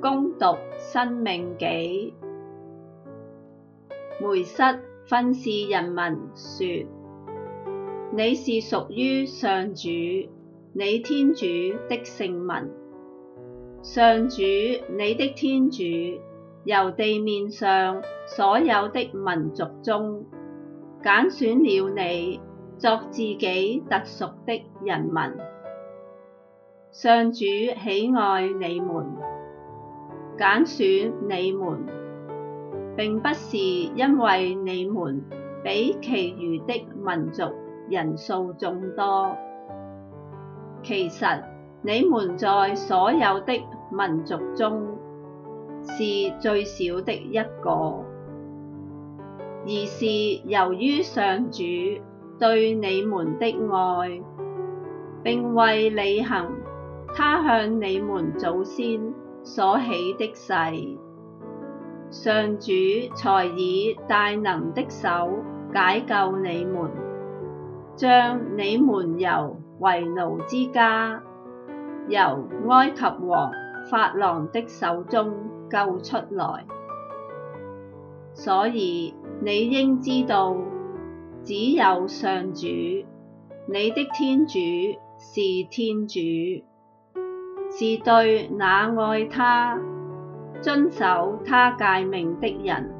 恭讀《申命紀》，梅瑟訓示人民說：你是屬於上主，你天主的聖民。上主，你的天主，由地面上所有的民族中揀選了你，作自己特屬的人民。上主喜愛你們。揀選你們，並不是因為你們比其餘的民族人數眾多，其實你們在所有的民族中是最少的一個，而是由於上主對你們的愛，並為履行他向你們祖先。所起的誓，上主才以大能的手解救你們，將你們由為奴之家、由埃及王法郎的手中救出來。所以你應知道，只有上主，你的天主是天主。是對那愛他、遵守他誡命的人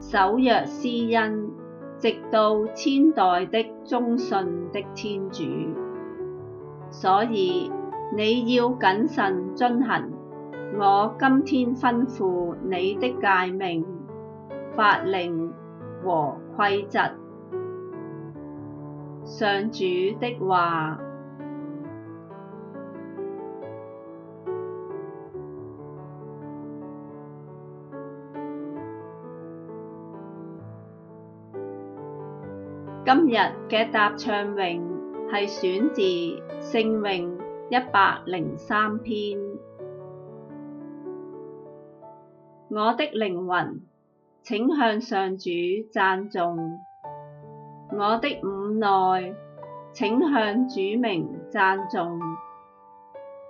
守約施恩，直到千代的忠信的天主。所以你要謹慎遵行我今天吩咐你的誡命、法令和規則，上主的話。今日嘅答唱詠係選自聖詠一百零三篇。我的靈魂，請向上主讚頌，我的五內，請向主名讚頌。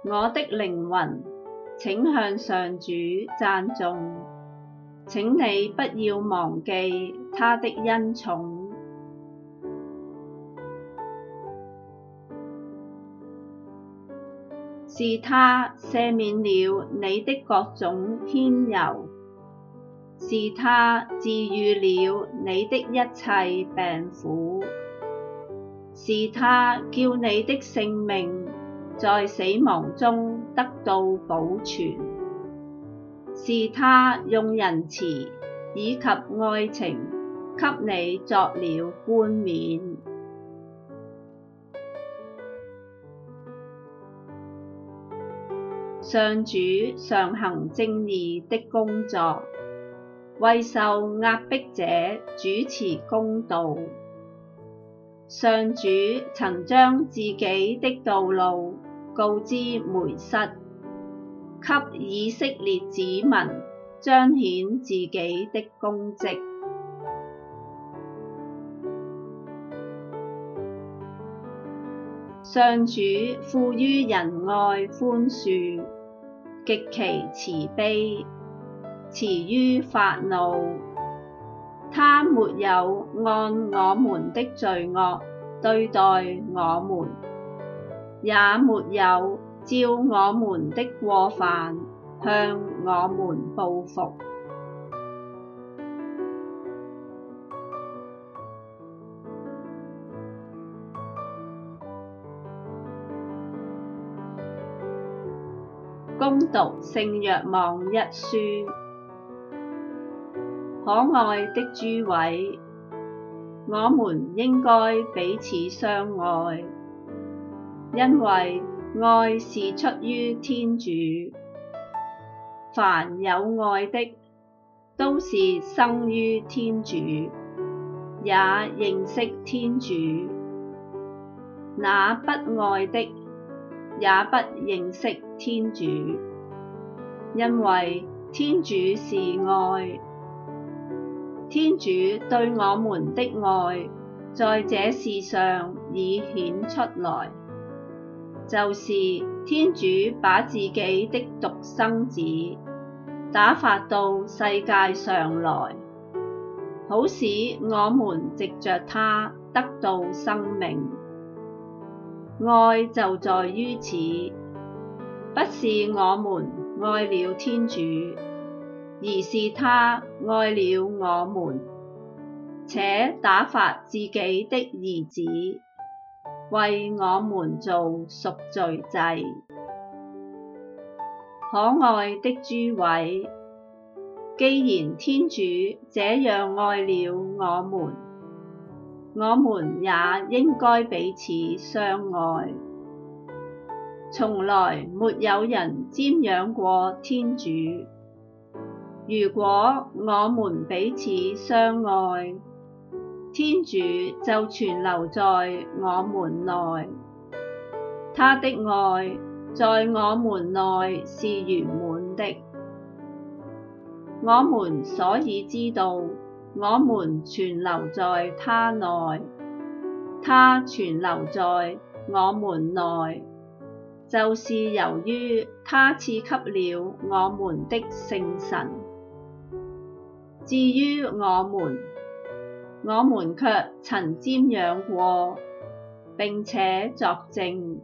我的靈魂，請向上主讚頌，請你不要忘記他的恩寵。是他赦免了你的各種愆尤，是他治愈了你的一切病苦，是他叫你的性命在死亡中得到保全，是他用仁慈以及愛情給你作了冠冕。上主常行正義的工作，為受壓迫者主持公道。上主曾將自己的道路告知梅瑟，給以色列子民彰顯自己的功績。上主富於仁愛寬恕，極其慈悲，遲於發怒，他沒有按我們的罪惡對待我們，也沒有照我們的過犯向我們報復。恭讀聖若望一書，可愛的諸位，我們應該彼此相愛，因為愛是出於天主。凡有愛的，都是生於天主，也認識天主；那不愛的，也不認識。天主，因為天主是愛，天主對我們的愛在這事上已顯出來，就是天主把自己的獨生子打發到世界上來，好使我們藉着他得到生命。愛就在於此。不是我們愛了天主，而是他愛了我們，且打發自己的兒子，為我們做贖罪祭。可愛的諸位，既然天主這樣愛了我們，我們也應該彼此相愛。從來沒有人瞻仰過天主。如果我們彼此相愛，天主就存留在我們內。他的愛在我們內是圓滿的。我們所以知道，我們存留在他內，他存留在我們內。就是由於他賜給了我們的聖神，至於我們，我們卻曾瞻仰過並且作證，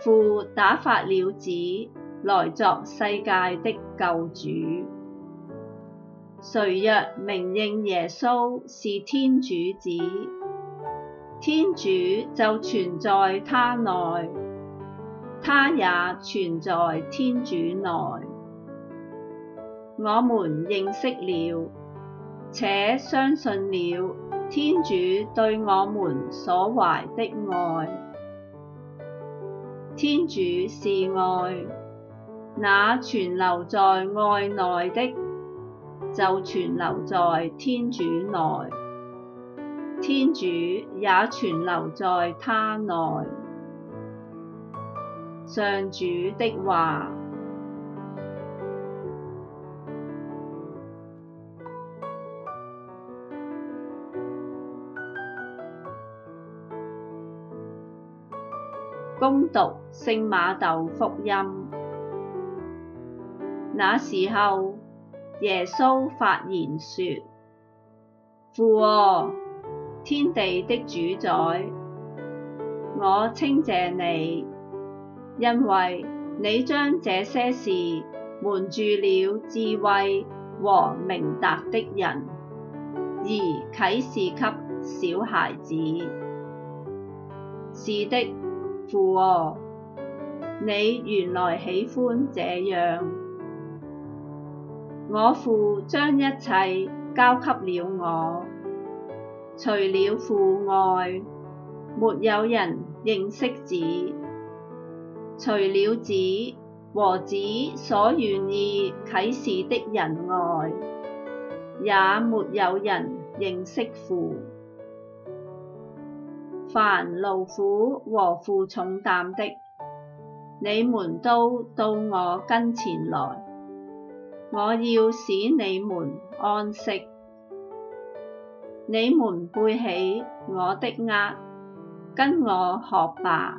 父打發了子來作世界的救主。誰若明認耶穌是天主子，天主就存在他內。他也存在天主內，我們認識了，且相信了天主對我們所懷的愛。天主是愛，那存留在愛內的，就存留在天主內，天主也存留在他內。上主的話，恭讀《聖瑪竇福音》。那時候，耶穌發言說：「父哦、啊，天地的主宰，我稱謝你。」因為你將這些事瞞住了智慧和明達的人，而啟示給小孩子。是的，父啊，你原來喜歡這樣。我父將一切交給了我，除了父外，沒有人認識子。除了子和子所願意啟示的人外，也沒有人認識父。凡勞苦和負重擔的，你們都到我跟前來，我要使你們安息。你們背起我的軛，跟我學吧。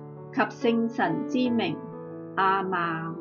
及聖神之名，阿們。